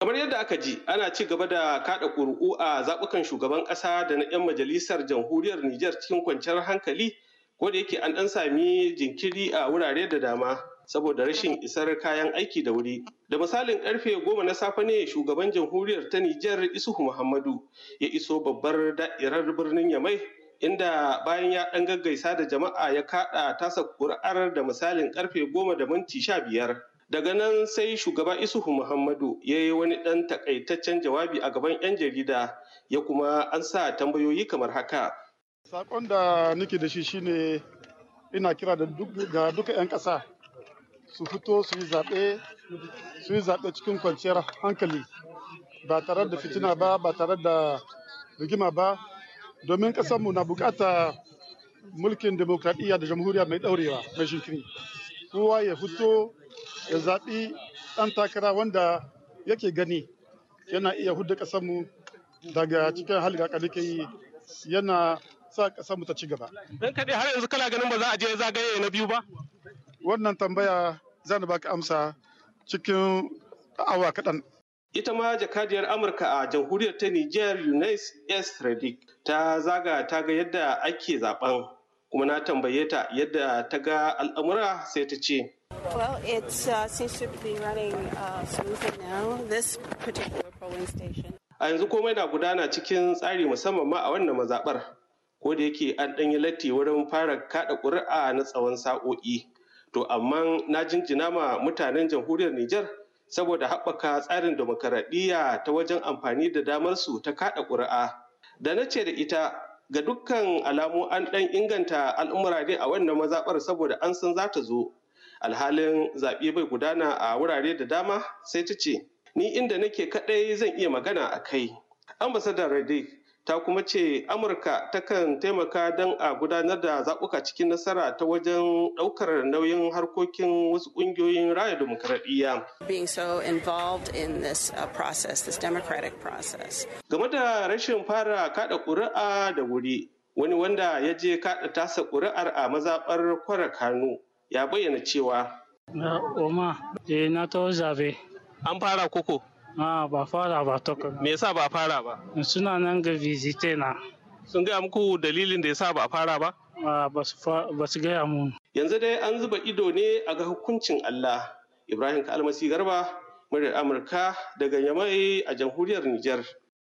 kamar yadda aka ji ana ci gaba da kada ƙuri'u a zaɓukan shugaban ƙasa da na 'yan majalisar jamhuriyar Nijar cikin kwanciyar hankali ko da yake an ɗan sami jinkiri a wurare da dama saboda rashin isar kayan aiki da wuri da misalin karfe goma na safe ne shugaban jamhuriyar ta Nijar Isuhu Muhammadu ya iso babbar da'irar birnin Yamai inda bayan ya ɗan gaggaisa da jama'a ya kaɗa tasa ƙuri'ar da misalin karfe goma da minti sha biyar. daga nan sai shugaba isuhu muhammadu ya yi wani ɗan takaitaccen jawabi a gaban 'yan jarida ya kuma an sa tambayoyi kamar haka Saƙon da nake da shi shine ina kira da ga duka 'yan ƙasa su fito su yi zaɓe su yi zaɓe cikin kwanciyar hankali ba tare da fitina ba ba tare da rigima ba domin ƙasarmu na bukata mulkin demokradiyya da jamhuriya mai ɗaurewa mai shinkiri kowa ya fito ya zaɓi ɗan takara wanda yake gani yana iya hudda ƙasarmu daga cikin halin da yi yana sa ƙasarmu ta ci gaba. Don kaɗai har yanzu kana ganin ba za a je zagaye na biyu ba? Wannan tambaya za ba baka amsa cikin awa kaɗan. Ita ma jakadiyar Amurka a jamhuriyar ta Nijar united S. Redick ta zaga ta ga yadda ake zaben kuma na tambaye ta yadda ta ga al'amura sai ta ce. Well, it uh, seems to be running uh, smoothly now, this particular polling station. A yanzu komai na gudana cikin tsari musamman ma a wannan mazaɓar, ko da yake an ɗanyi latti wurin fara kaɗa ƙuri'a na tsawon sa'o'i. To amma na jinjina ma mutanen jamhuriyar Nijar saboda haɓaka tsarin demokaradiyya ta wajen amfani da damar su ta kaɗa ƙuri'a. Da na ce da ita ga dukkan alamu an ɗan inganta al'umura dai a wannan mazaɓar saboda an san za ta zo alhalin zaɓe bai gudana a wurare da dama sai ta ce ni inda nake kaɗai zan iya magana a kai ambasadar rade ta kuma ce amurka takan taimaka don a gudanar da zaɓuka cikin nasara ta wajen ɗaukar nauyin harkokin wasu ƙungiyoyin raya demokaradiyya. being so involved in this uh, process this democratic process game da rashin fara kada ƙuri'a da wuri wani wanda ya je kada tasa ƙuri'ar a mazaɓar kwara kano ya bayyana cewa na oma eh na to zabe an fara koko a ba fara ba toka me yasa ba fara ba suna nan ga visite na sun gaya muku dalilin da yasa ba fara ba ba su gaya mu yanzu dai an zuba ido ne a ga hukuncin Allah Ibrahim Kalmasi Garba muryar Amurka daga Yamai a jamhuriyar Nijar.